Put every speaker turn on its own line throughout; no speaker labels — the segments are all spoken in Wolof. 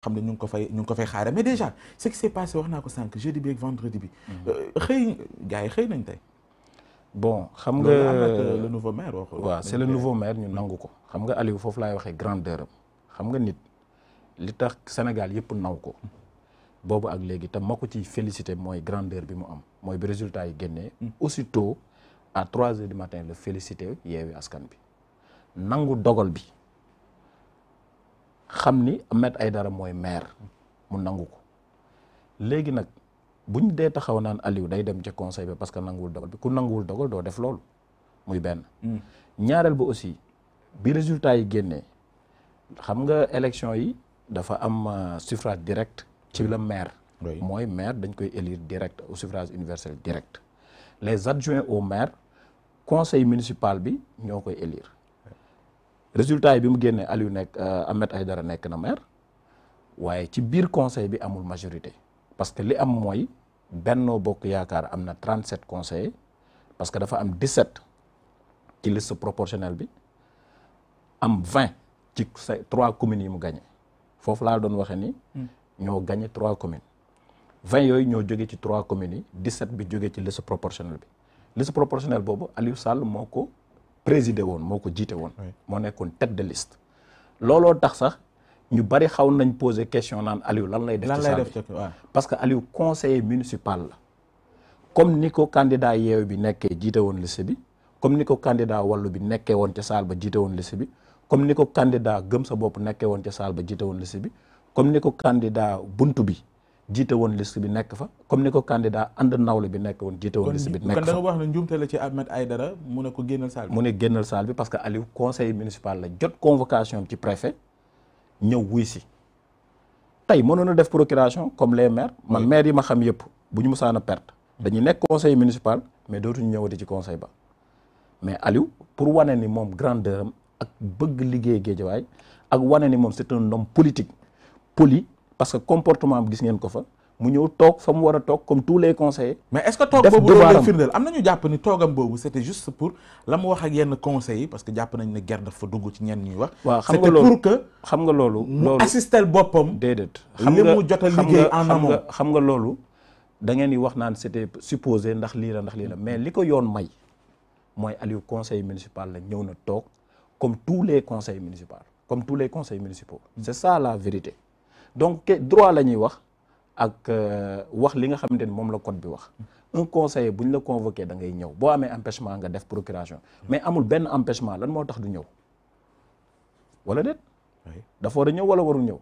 xam ne ñu ngi ko fay ñu ngi ko fay xaare mais déjà ce qui s'est passé wax naa ko sànq jeudi bi ak vendredi bi. Mm-hmm. Euh, xëy gars yi xëy nañ tey. bon xam nga euh, le nouveau maire wax waaw c'est le nouveau
maire ñu nangu ko xam nga Aliou foofu laay waxee grandeur am xam nga nit li tax Sénégal yëpp naw ko boobu ak léegi te ma ko ciy félicité mooy grandeur bi mu am mooy bi résultat yi génnee mm. aussitôt à trois heures du matin la félicité yeewi askan bi nangu dogal bi xam ni ay dara mooy maire mu nangu ko léegi nag buñ dee taxaw naan Aliou day dem ca conseil bi parce que nanguwul dogal bi ku nanguwul dogal doo def loolu muy benn. Hmm. ñaareel ba aussi bi résultat yi génnee xam nga élection yi dafa am euh, suffrage direct ci la maire. mooy maire dañ koy élire direct au suffrage universel direct les juin au maire conseil municipal bi ñoo koy élire. résultat yi bi mu génnee Aliou nekk euh, ay dara nekk na maire waaye ci biir conseil bi amul majorité parce que li am mooy Benno Bokk Yaakaar am na 37 conseillers parce que dafa am 17 ci liste proportionnelle bi am 20 ci trois communes yi mu gagné foofu laa doon waxee ni. Hmm. ñoo gagné trois communes. 20 yooyu ñoo jóge ci trois communes yi 17 bi jóge ci liste proportionnelle bi liste proportionnelle boobu Aliou Sall moo ko. présider woon moo ko jiite woon. moo nekkoon tête de list looloo tax sax ñu bari xaw nañ poser question naan Aliou lan lay. def ci saa bi parce que Aliou conseiller municipal la. comme ni ko candidaa yeew bi nekkee jiite woon liste bi comme ni ko candidat wàllu bi nekkee woon ca saal ba jiite woon liste bi comme ni ko candidat gëm sa bopp nekkee woon ca saal ba jiite woon liste comme ni ko candidat buntu bi. jiite woon liste bi nekk fa comme ni ko candidat ànd nawle bi nekk woon jiite woon liste bi nekk fa kon da nga
wax ne njuumte la ci Ahmed Aïdara mu ne ko génnal saal bi mu
ne génnal saal bi parce que Aliou conseil municipal la jot convocation ci préfet ñëw wuy si tey mënoon na def procuration comme les maire man maire yi ma xam yëpp bu ñu musaan a perte dañu nekk conseil municipal mais dootuñu ñëwati ci conseil ba mais Aliou pour wane ni moom grandeur am ak bëgg liggéey géejawaay ak wane ni moom c'est un homme politique poli
parce que comportement bi gis ngeen ko fa mu ñëw toog fa mu war a toog comme tous les conseillers. mais est-ce que toog boobu loolu lay firndeel am nañu jàpp yenn conseillers parce que jàpp nañ ne guerre dafa dugg ci ñenn ñuy wax. waaw xam nga loolu c'était xam nga loolu loolu mu assistel boppam.
déedéet xam jot a liggéey en xam nga loolu. da ngeen di wax naan c'était supposé ndax lii la ndax lii la mais li ko yoon may mooy Aliou conseil municipal la ñëw na toog comme tous les conseils municipaux comme tous les conseils municipaux. c'est ça la vérité. donc droit la ñuy wax ak euh, wax li nga xamante ni moom la code bi wax un conseil bu ñu la convoqué da ngay ñëw boo amee empêchement nga def procuration mais amul benn empêchement lan moo tax du ñëw wala déet dafa war a ñëw wala warul ñëw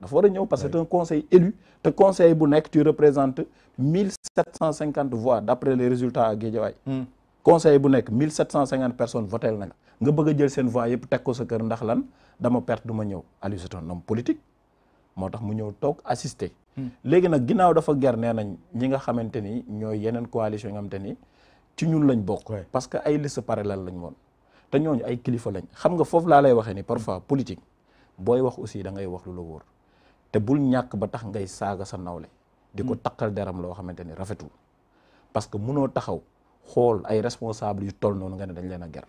dafa war a ñëw parce que c'est conseil élu te conseil bu nekk tu représentes mille sept cent cinquante voix d'après les résultats à Guédiawaye hmm. conseil bu nekk mille sept cent cinquante personnes votel nañ nga bëgg a jël seen voix yëpp teg ko sa kër ndax lan dama perte du ma ñëw Aliou c'est un politique moo tax mu ñëw toog assister. Hmm. léegi nag ginnaaw dafa ger nee nañ ñi nga xamante ni ñooy yeneen coalition yi nga xamante ni ci ñun lañ bokk. parce que ay liste parallèle lañ woon. te ñooñu ay kilifa lañ xam nga foofu laa lay waxee ni parfois politique booy wax aussi da ngay wax lu la wóor te bul ñàkk ba tax ngay saaga sa nawle. di ko hmm. takkal deram loo xamante ni rafetul. parce que munoo taxaw xool ay responsable yu toll noonu nga ne dañ leen a ger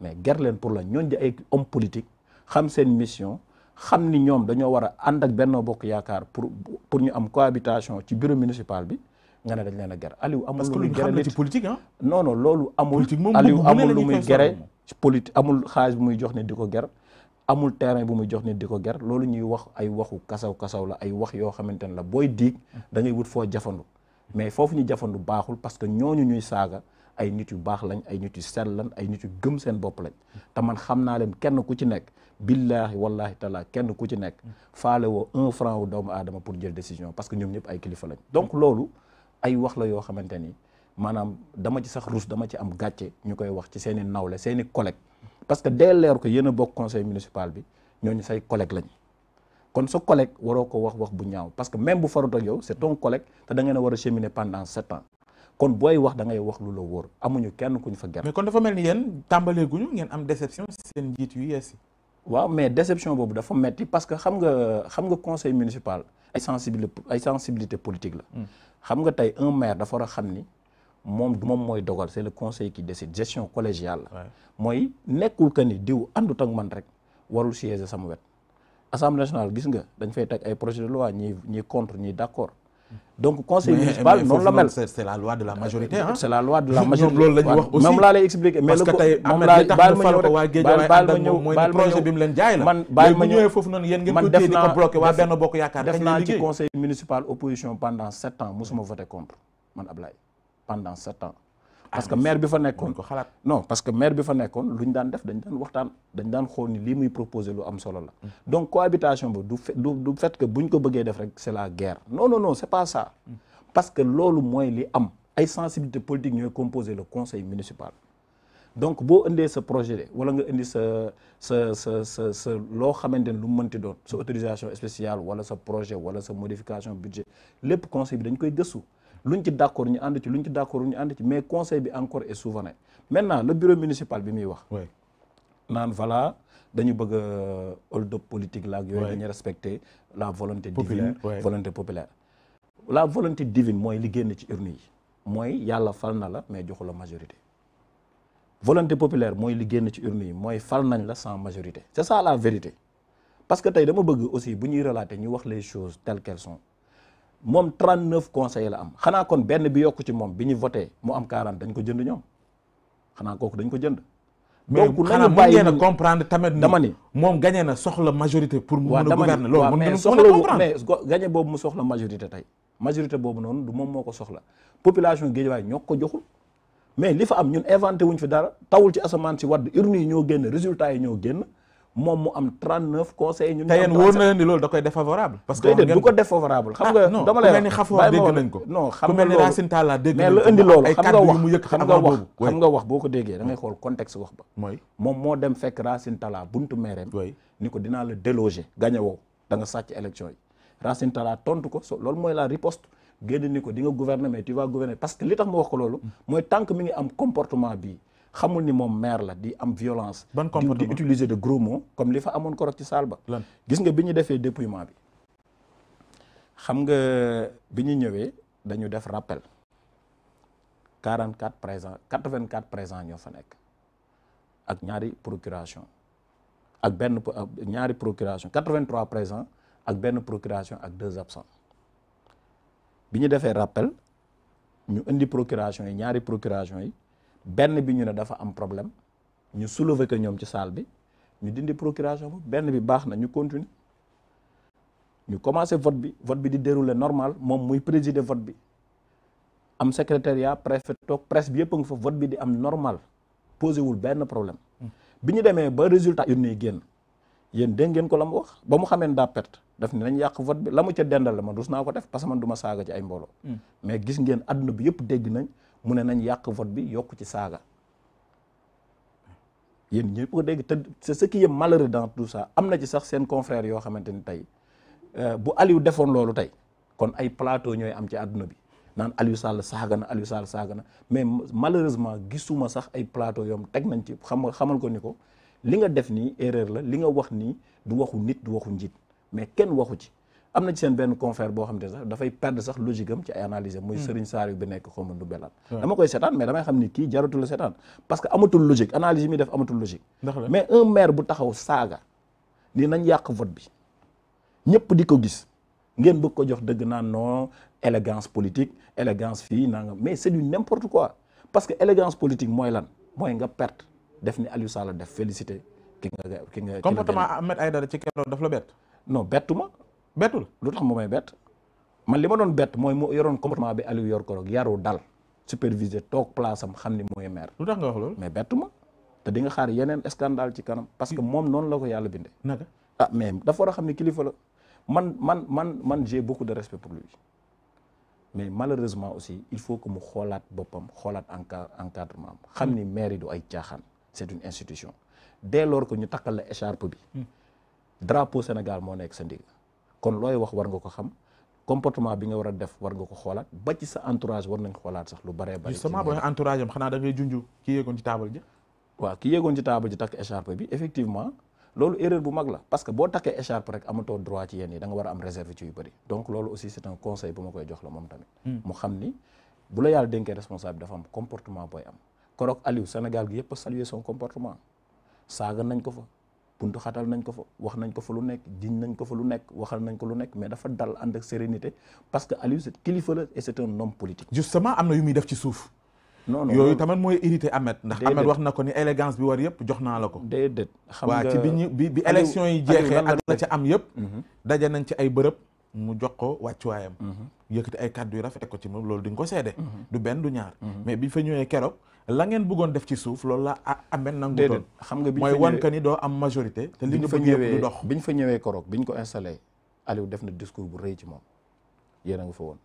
mais ger leen pour la ñooñ ay homme politique xam seen mission. xam ni ñoom dañoo war a ànd ak Benno Bokk Yaakaar pour pour ñu am cohabitation ci bureau municipal bi nga ne dañ leen a ger Aliou amul lu muy gere nit ci politique ah non loolu amul Aliou amul lu muy gere politique amul xaalis bu muy jox ne di ko ger amul terrain bu muy jox ne di ko ger loolu ñuy wax ay waxu kasaw kasaw la ay wax yoo xamante ne la booy diig da wut foo jafandu mais foofu ñu jafandu baaxul parce que ñooñu ñuy saaga ay nit yu baax lañ ay nit yu sell lañ ay nit yu gëm seen bopp lañ te man xam naa leen kenn ku ci nekk billaahi wallaahi taalaa kenn ku ci nekk faale woo un franc wu doomu aadama pour jël décision parce que ñoom ñëpp ay kilifa lañ donc loolu ay wax la yoo xamante ni maanaam dama ci sax rus dama ci am gàcce ñu koy wax ci seen nawle seeni i parce que dès leer ko yéen a bokk conseil municipal bi ñu say collègue lañ kon sa collègue waroo ko wax wax bu ñaaw parce que même bu farut ak yow c'est ton collègue te da kon booy wax dangay wax lu la wóor amuñu kenn kuñ fa ger mais kon
dafa mel ni yéen tàmbaleeguñu ngeen am
déception seen njiit yu yees yi waaw mais déception boobu dafa metti parce que xam nga xam nga conseil municipal ay sensibilité ay sensibilité politique la hmm. xam nga tey un maire dafa war a xam ni moom du moom mooy dogal c'est le conseil qui décide gestion collégiale la mooy nekkul que ni diw àndu ak man rek warul siéger sama wet assemblée nationale gis nga dañ fay teg ay projet de loi ñi ñi contre ñi donc conseil municipal noonu la mel c'est la
loi de la majorité hein c'est la loi de la majorité loolu la ñuy wax aussi moom laa lay expliquer mais parce que tey moom laa baal ma ñëw rek waa Guédiawaye baal ma ñëw mooy projet bi mu leen jaay la man baal ma ñëw foofu noonu yéen ngeen ko téye di ko bloqué waa benn bokk yaakaar def naa ci conseil
municipal opposition pendant sept ans mosuma voté contre man Ablaye pendant sept ans parce que maire bi fa nekkoon ko xalaat non parce que maire bi fa nekkoon lu ñu daan def dañ daan waxtaan dañ daan xool ni lii muy proposé lu am solo la mm. donc cohabitation bi du du du fait que ko bëggee def rek c'est la guerre non no non c'est pas ça mm. parce que loolu mooy li am ay sensibilité politique ñooy composer la conseil municipal donc boo indee sa projet de wala nga indi sa sa sa sa sa loo xamante ne lu mu mënti doon sa autorisation spéciale wala sa projet wala sa modification budget lépp conseil bi dañ koy gëstu luñ ci d'accord ñu ànd ci luñ ci d'accord ñu ànd ci mais conseil bi encore est souverain maintenant le bureau municipal bi muy wax naan voilà dañu bëgg a euh, hold-up politique la ak yooyu ñu respecter la volonté divine volonté populaire la volonté divine mooy li ci urne yi mooy yàlla fal na la mais joxu la majorité volonté populaire mooy li ci urne yi mooy fal nañ la sans majorité c'est ça la vérité parce que tey dama bëgg aussi bu ñuy relater ñu wax les choses telles qu'elles sont moom 39 conseillers la am xanaa kon benn bi yokku ci moom bi ñu voté mu am 40 dañ ko jënd ñoom xanaa kooku dañ ko jënd. donc nañu bàyyi mais
comprendre tamit. dama ni moom gagné na soxla majorité pour. mu mën a gouverner loolu mën comprendre mais
gagné boobu mu soxla majorité tey. majorité boobu noonu du moom moo ko soxla population géej Guédiawaye ñoo ko joxul mais li fa am ñun inventé wuñ fi dara tawul ci asamaan si wadd urne yi ñoo génn résultat yi ñoo génn. moom mu am 39 conseillers. ñun ñu am 37 te yéen wóor na
leen ni loolu da koy défavorable. parce que du ko défavorable.
moom moo dem fekk Racine Talla buntu meereem. ni ko dinaa la déloger. gañe woo da nga sàcc élection yi Racine Talla tontu ko so loolu mooy la riposte. génn ni ko di nga gouverner parce que li tax ma wax ko loolu. Mm. mooy tant que mi ngi am comportement bii xamul ni moom maire la di am violence. ban comportement di utiliser de gros mots. comme li fa amoon korog ci saal ba. gis nga bi ñu defee dépouillement bi xam nga bi ñu ñëwee dañu def rappel 44 présents 84 présents ñoo fa nekk ak ñaari procuration ak benn ñaari procuration 83 présents ak benn procuration ak deux absents bi ñu defee rappel ñu indi procuration yi ñaari procuration yi. benn bi ñu ne dafa am problème ñu soulever ko ñoom ci salle bi ñu dindi procuration bu benn bi baax na ñu continuer ñu commencé vote bi vote bi di dérouler normal moom muy présider vote bi am secrétariat préfet toog presse bi yëpp a nga fa vote bi di am normal posé wul benn problème bi ñu demee ba résultat urne génn yéen dégg ngeen ko la mu wax ba mu xamee daa perte daf ne nañ yàq vote bi la ca dendal la man rus naa ko def parce que man du ma saaga ci ay mbooloo mm. mais gis ngeen àdduna bi yëpp dégg nañ mu ne nañ yàq vote bi yokk ci saaga yéen ñëpp ko dégg te c'est ce qui est malheureux dans tout ça am na ci sax seen confrère yoo xamante ni tey euh, bu Aliou defoon loolu tey kon ay plateau ñooy am ci àdduna bi naan Aliou Sall saaga na Aliou Sall saaga na mais malheureusement gisuma sax ay plateau yoom teg nañ ci xam xamal ko ni ko li nga def nii erreur la li nga wax nii du waxu nit du waxu njiit mais kenn waxu ci am na ci seen benn confrère boo xam ne sax dafay perdre sax logique am ci ay analyse muy hmm. Serigne Saliou bi nekk xawma du belaan dama koy seetaan mais damay xam ni kii jaratul la seetaan parce que amatul logique analyse yi def amatul logique mais un maire bu taxaw saaga ni nañ yàq vote bi ñëpp di ko gis ngeen bëgg ko jox dëgg naa non élégance politique élégance fii naa nga mais c'est du n'importe quoi parce que élégance politique mooy lan mooy nga perte def ni Aliou Sall def félicité ki nga ki nga comportement Ahmed la bett non bettu ma bettu la lu tax mu may bett man li ma doon bett mooy mu yoroon comportement bi Aliou yor ko rek yaru dal supervisé toog place am xam ni mooy maire. lu tax nga wax loolu mais bettu ma te di xaar yeneen scandale ci kanam parce que moom noonu ko yàlla bindee. naka ah mais dafa xam ni kilifa la man man man man j'ai beaucoup de respect pour lui mais malheureusement aussi il faut que mu xoolaat boppam xoolaat encadrement am xam ni maire yi du ay caaxaan c'est une institution dès lors que ñu takkal la écharpe bi hmm. drapeau Sénégal moo nekk sa ndigg kon looy wax war nga ko xam comportement bi nga war a def war nga ko xoolaat ba ci sa entourage war nañ xoolaat sax lu baree bari justement ba entourage am xanaa da ngay bi effectivement loolu que boo takkee écharpe a am hmm. xam ni bu la yàlla dénkee responsable dafa am comportement booy am korok Aliou Sénégal gi yëpp a saluer son comportement saaga nañ ko fa buntu xatal nañ ko fa wax nañ ko fa lu nekk jiñ nañ ko fa lu nekk waxal nañ ko lu nekk mais dafa dal ànd ak sérénité parce que Aliou c'est kilifa la et
justement am na yu muy def ci suuf. non yooyu tamit mooy irrité Ahmed. ndax Ahmed wax na ko ni élégance bi war yëpp jox naa la ko. déedéet xam ci bi ñu bi bi élection yi jeexee ak la ca am yëpp. Mhm. daje nañ ci ay bërëb mu jox ko wàccuwaayam. Mhm. yëkkati ay kaddu yu rafet ko ci moom loolu di ko seede. Mhm. du benn du ñaar. mais bi fa la ngeen bëggoon def ci suuf loolu la ameen nangutoon xam nga mooy wan ka ni doo am majorité li nga bëgg yëpp du dox
biñ fa ñëwee korook bi ñu ko installé Aliou def na discours bu rëy ci moom yéen a nga fa woon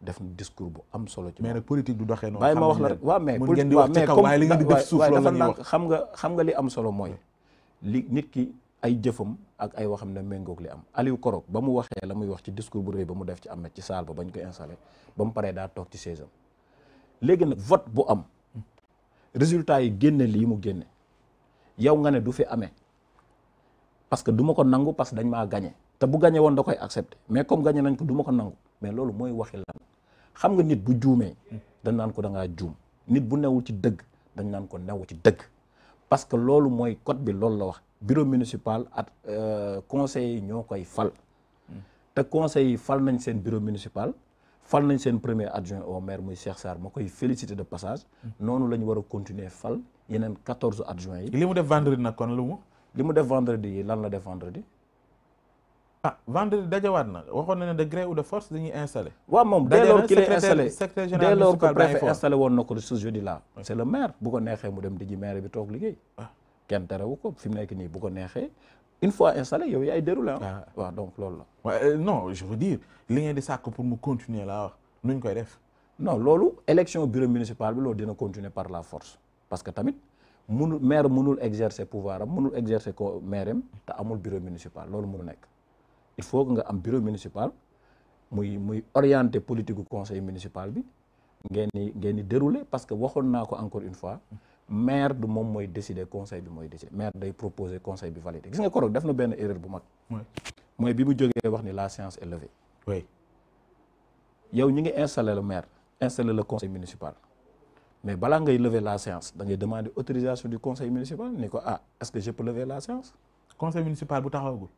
def na discours bu am solo ci mais nag
politique du doxee noonu bàyyi ma wax la rek waaw mais mun ngeen di wax ci kaw waaye li ngeen di def suuf loolu la
nga xam nga li am solo mooy li nit ki ay jëfam ak ay waxam ne méngoog li am Aliou Korok ba mu waxee la muy wax ci discours bu rëy ba mu def ci am na ci salle ba bañ ko installé ba mu paree daa toog ci saison léegi nag vote bu am résultat yi génne lii mu génne yow nga ne du fi amee parce que du ma ko nangu parce que dañ maa gagné te bu gagné woon da koy accepté mais comme gagné nañ ko duma ko nangu mais loolu mooy waxi lan xam nga nit bu juumee dañ naan ko dangaa ngaa juum nit bu newul ci dëgg dañ naan ko newu ci dëgg parce que loolu mooy code bi loolu la wax bureau municipal ak euh, conseil yi ñoo koy fal hmm. te conseil yi fal nañ seen bureau municipal fal nañ seen premier adjoint au maire muy Cheikh Sarr ma koy félicité de passage noonu la ñu war a continuer fal yeneen quatorze adjoints yi. li mu def vendredi
nag kon lu mu. li mu def vendredi yi lan la def vendredi. ah vendredi dajawaat na waxoon na ne de gré ou de force dañuy installé. waaw moom dès lors qu'il est installé dès lors
woon na ko ce jeudi là. c' est le maire bu ko neexee mu dem di ji maire bi toog liggéey. Ah. kenn terewu ko fi mu nekk nii bu ko neexee une fois installé yow ay déroulé ah. waaw donc loolu la. Euh, non je veux dire li ngeen di sàkk pour mu continuer laa wax ñu koy def. non loolu élection bureau municipal bi loolu dina continuer par la force parce que tamit mënul maire mënul exercer pouvoir am mënul exercer ko maire am te amul bureau municipal loolu mënu nekk il faut que nga am bureau municipal muy muy orienter politique gu conseil municipal bi ngeen di ngeen ni dérouler parce que waxoon naa ko encore une fois. maire du moom mooy décider conseil bi mooy décider maire day proposer conseil bi validé gis nga Korog def na benn erreur bu mag. mooy bi mu jógee wax ni la séance est levée. yow ñu ngi installé le maire installé le conseil municipal mais bala ngay lever la séance da ngay demander autorisation du conseil municipal ni ko ah est-ce que je peux lever la séance. conseil municipal bu taxawagul.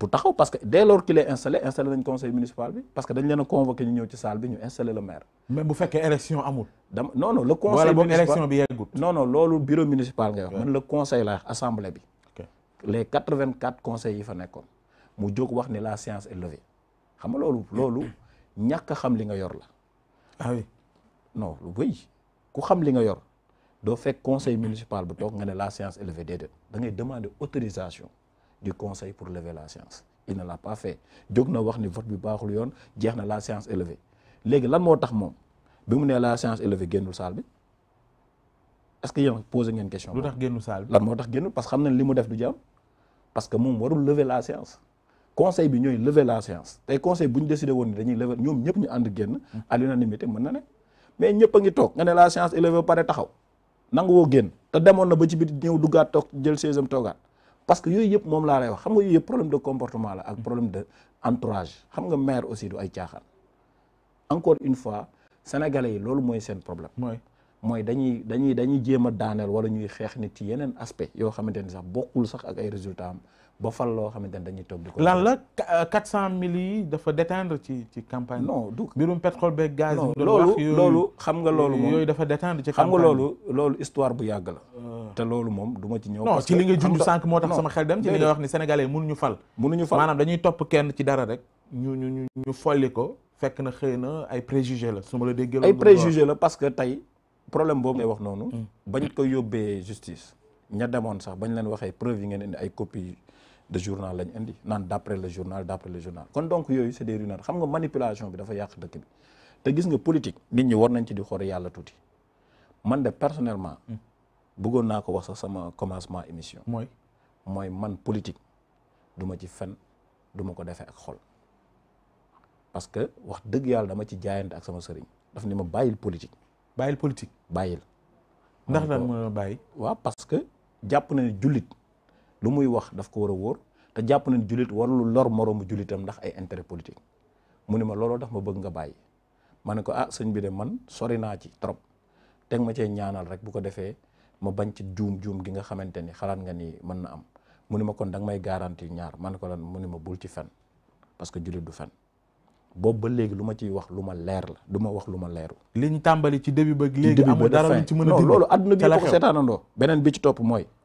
bu taxaw parce que dès lors qu'il est installé installé nañ conseil municipal bi parce que dañ leen a convoqué ñu ñëw ci salle bi ñu installé le maire. mais bu fekkee élection amul. dama non non le conseil. wala boog élection bi yeggut non non loolu bureau municipal ngay wax. man le conseil la bi. les quatre vingt quatre conseils yi fa nekkoon mu jóg wax ni la séance est levée xam nga loolu. loolu ñàkk xam li nga yor la. ah oui non oui ku xam li nga yor doo fekk conseil municipal bu toog nga ne la séance est levée da ngay demander autorisation. di conseil pour lever la séance il ne l'a pas fait jóg na wax ni vote bi baaxul yoon jeex na la séance est levée léegi lan moo tax moom bi mu nee la séance est levée génnul salle bi est-ce que yéen posé ngeen question. lu tax génnul salle bi lan moo tax génn parce que xam nañ li mu def du jàmm parce que moom warul lever la séance. conseil bi ñooy lever la séance tey conseil bu ñu décidé woon ni dañuy lever ñoom ñëpp ñu ànd génn. Hmm. à l'unanimité mën mais ñëpp ngi toog nga ne la séance est levée taxaw nangu woo te demoon na ba ci biir ñëw duggaat toog jël 16e toogaat. parce que yooyu yëpp moom laa lay wax xam nga yooyu yëpp problème de comportement la ak problème de entourage xam nga maire aussi du ay caaxaan encore une fois sénégalais yi loolu mooy seen problème mooy dañuy dañuy dañuy jéem a daaneel wala ñuy xeex nit ci yeneen aspect yoo xamante ni sax bokkul sax ak ay résultat am ba fal loo xamante ne dañuy toog di
ko. lan la 400 euh, mille yi dafa déteindre ci ci campagne. non du mbirum pétrole beeg gaz. non loolu loolu xam nga loolu moom yooyu dafa déteindre ci campagne. xam nga loolu loolu histoire bu yàgg la. Euh. te loolu moom duma ci ñëw. non ci li nga junj sànq moo tax sama xel dem ci li nga wax ni sénégalais yi ñu fal. ñu fal maanaam dañuy topp kenn ci dara rek. ñu ñu ñu ñu folli ko fekk na xëy na ay préjugé la su ma la déggee. ay préjugé la parce que tey
problème boobu ngay wax noonu. Mm. bañ ko yóbbee justice. ña demoon sax bañ leen waxee preuve yi ngeen indi ay copie de journal lañ indi naan d'après le journal d'après le journal kon donc yooyu c'est des rumeurs xam nga manipulation bi dafa yàq dëkk bi te gis nga politique nit ñi war nañ ci di xool yàlla tuuti man de personnellement. Hmm. bëggoon naa ko wax sax sama commencement émission. mooy mooy man politique du ma ci fen duma ko defee ak xol parce que wax dëgg yàlla dama ci jaayante ak sama sëriñ daf ni ma bàyyil politique. bàyyil politique bàyyil. ndax lan mën na bàyyi. waaw parce que jàpp na ne lu muy wax daf ko war a wóor te jàpp nañ julit warul lor moroomu julitam ndax ay intérêt politique mu ni ma looloo tax ma bëgg nga bàyyi ma ne ko ah sëñ bi de man sori naa ci trop teg ma cee ñaanal rek bu ko defee ma bañ ci juum juum gi nga xamante ni xalaat nga ni mën na am mu ni ma kon da may garanti ñaar ma ne ko la mu ni ma bul ci fen parce que julit du fen boobu ba léegi lu ma ciy wax lu ma leer la du ma wax lu ma leeru
li ñu tàmbali ci début
ba léegi amul dara lu ci mën a loolu adduna bi ko seetaanandoo beneen ci topp mooy